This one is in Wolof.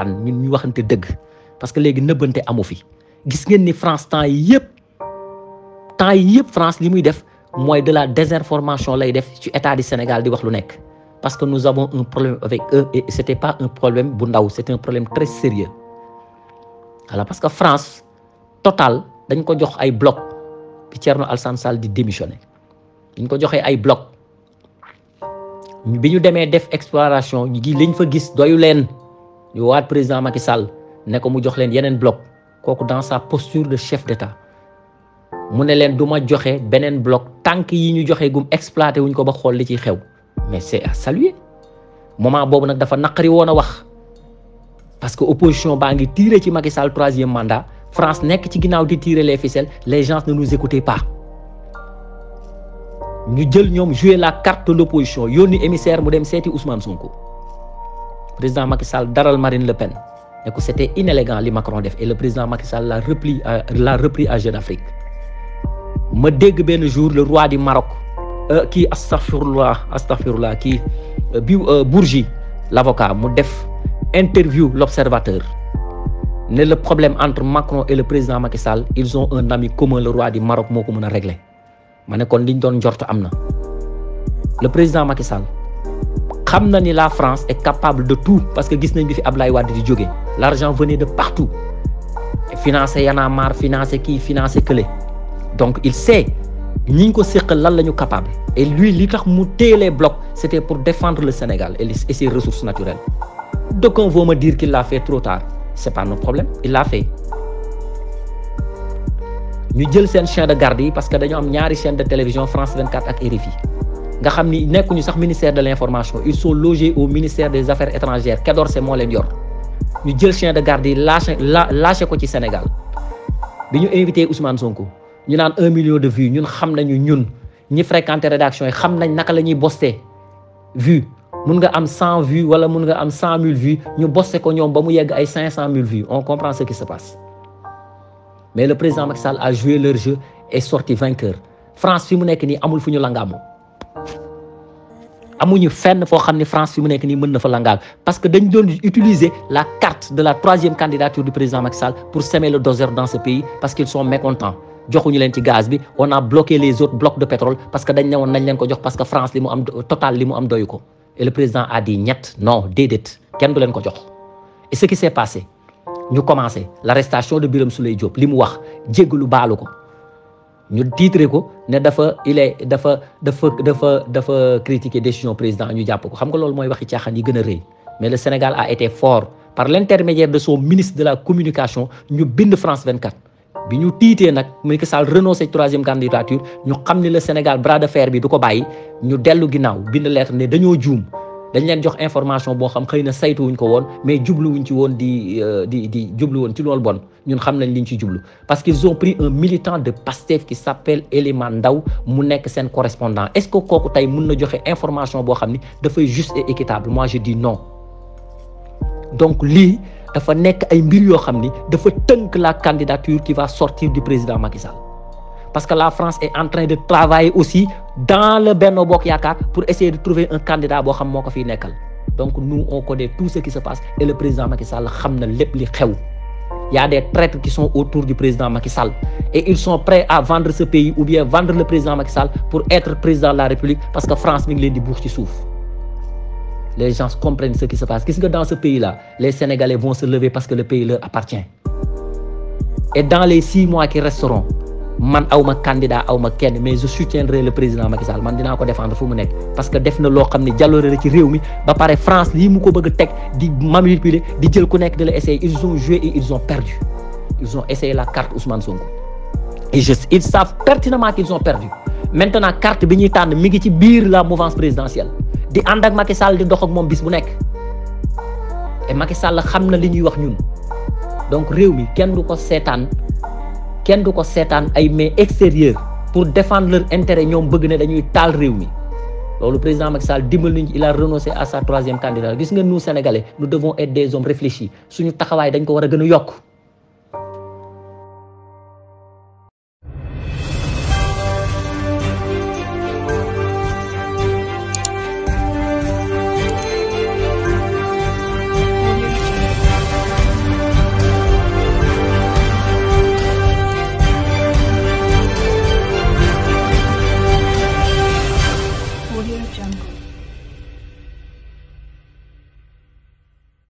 waxtaan ñun ñu waxante dëgg parce que léegi nëbbante amu fi gis ngeen ni France temps yi yëpp temps yi yëpp France li muy def mooy de la désinformation lay def ci état du Sénégal di wax lu nekk parce que nous avons un problème avec eux et c'était pas un problème bu ndaw c'est un problème très sérieux voilà parce que France Total dañ ko jox ay bloc bi Thierno Alassane Sall di démissionné dañ ko joxee ay bloc bi ñu demee def exploration gi liñ fa gis doyu leen le président Macky Sall ne ko mu jox leen yenen bloc kooku dans sa posture de chef d'État mu ne leen du joxe benen bloc tant yi ñu joxe gum exploité wuñ ko ba xol li ci xew mais c'est à saluer moment bobu nak dafa nakari wona wax parce que opposition ba ngi tiré ci Macky Sall troisième mandat France nek ci ginnaaw di tirer les ficelles les gens ne nous écoutaient pas ñu jël ñom jouer la carte de l'opposition yoni émissaire mu dem séti Ousmane Sonko président Macky Sall daral Marine Le Pen c'était inélégant les Macron def et le président Macky Sall l'a euh, repris à l'a Jeune Afrique Je dégg un jour le roi du Maroc euh, Qui astaghfirullah astaghfirullah qui est euh, Bourgi l'avocat mu def interview l'observateur le problème entre Macron et le président Macky Sall ils ont un ami commun le roi du Maroc qui est le régler Mané kon liñ le président Macky Sall xam na ni la France est capable de tout parce que l'argent venait de partout Financer yana mar financer qui financer que donc il sait nous sommes ko lan capable et lui il tax mu les blocs. C'était pour défendre le Sénégal et ses ressources naturelles Donc on veut me dire qu'il l'a fait trop tard Ce n'est pas notre problème il l'a fait ñu jël sen chien de garde parce que nous am ñaari chaîne de télévision France 24 ak Erifi nga nekkuñu sax ministère de l'Information. ils sont logés au ministère des affaires étrangères kedor c' moo leen yor ñu jël chien de garde yi lâché lâché ko ci Sénégal Nous avons invité Ousmane Sonko ñu avons 1 million de vues Nous xam nañu ñun ñi fréquenté rédaction Nous xam nañ naka la bosté nga am 100 vues wala mun nga am 100 000 vues Nous avons ko ñoom ba mu yegg ay 500 000 vues on comprend ce qui se passe. mais le président Macky a joué leur jeu et sorti vainqueur France fi mu nekk nii amul amuñu fenn foo xam ne France fi mu nekk nii mën na fa parce que dañ doon utiliser la carte de la troisième candidature du président Macky Sall pour semer le doser dans ce pays parce qu'ils sont mécontents joxuñu leen ci gaz on a bloqué les autres blocs de pétrole parce que dañ ne nañ leen parce que France li mu am total li mu am et le président a dit ñett non déedéet kenn du ko jox et ce qui s'est passé ñu commencé l'arrestation de Birame Souley Diop li mu wax jéggalu baalu ko ñu tiitre ko ne dafa il est dafa dafa dafa dafa critiquer décision président ñu japp ko xam nga lool moy waxi caaxaan yi gëna reuy mais le Sénégal a été fort par l'intermédiaire de son ministre de la communication ñu bind France 24 bi ñu tiitee nag Macky sal renoncer troisième candidature ñu xam ni le Sénégal bras de fer bi du ko bàyyi ñu dellu ginnaaw bind lettre ne dañoo juum dañ leen jox information boo xam xëy na saytu wuñ ko woon mais jubluwuñ ci woon di euh, di di jublu woon ci loolu bon ñun xam nañ liñ ci jublu parce qu'ils ont pris un militant de Pastef qui s'appelle Eliman Ndaw mu nekk seen correspondant est-ce que kooku tey mun na joxe information boo xam ni dafay juste et équitable moi je dis non donc lii dafa nekk ay mbir yoo xam ni dafa tënk la candidature qui va sortir du président Macky Sall parce que la France est en train de travailler aussi dans le Benno Bok pour essayer de trouver un candidat à xam moo donc nous on connaît tout ce qui se passe et le président Macky Sall xamna y a des traîtres qui sont autour du président Macky Sall et ils sont prêts à vendre ce pays ou bien vendre le président Macky Sall pour être président de la République parce que France ming ngi les gens comprennent ce qui se passe Qu'est-ce que dans ce pays là les Sénégalais vont se lever parce que le pays leur appartient et dans les six mois qui resteront man awma ma candidat awma ma kenn mais je soutiendrai le président Macky Sall man dina ko défendre fu mu nekk parce que def na lo xamni ne jàlloore ci réew mi ba paré France li mu ko bëgg a di manipuler di jël ku nek di la essayer ils ont joué et ils ont perdu ils ont essayé la carte Ousmane Sonko et je ils savent pertinemment qu'ils ont perdu maintenant carte bi ñuy tànn mi ngi ci bir la mouvance présidentielle di ànd ak Macky Sall di dox ak mom bis bu nek et Macky Sall xamna li ñuy wax ñun donc réew mi kenn du ko kenn du ko seetaan ay mais extérieur pour défendre leur intérêt ñoom bëgg ne dañuy taal réew mi loolu président Macky Sall dimbal il a renoncé à sa troisième candidature gis nga nous sénégalais nous devons être des hommes réfléchis suñu taxawaay dañ ko war a gën a yokk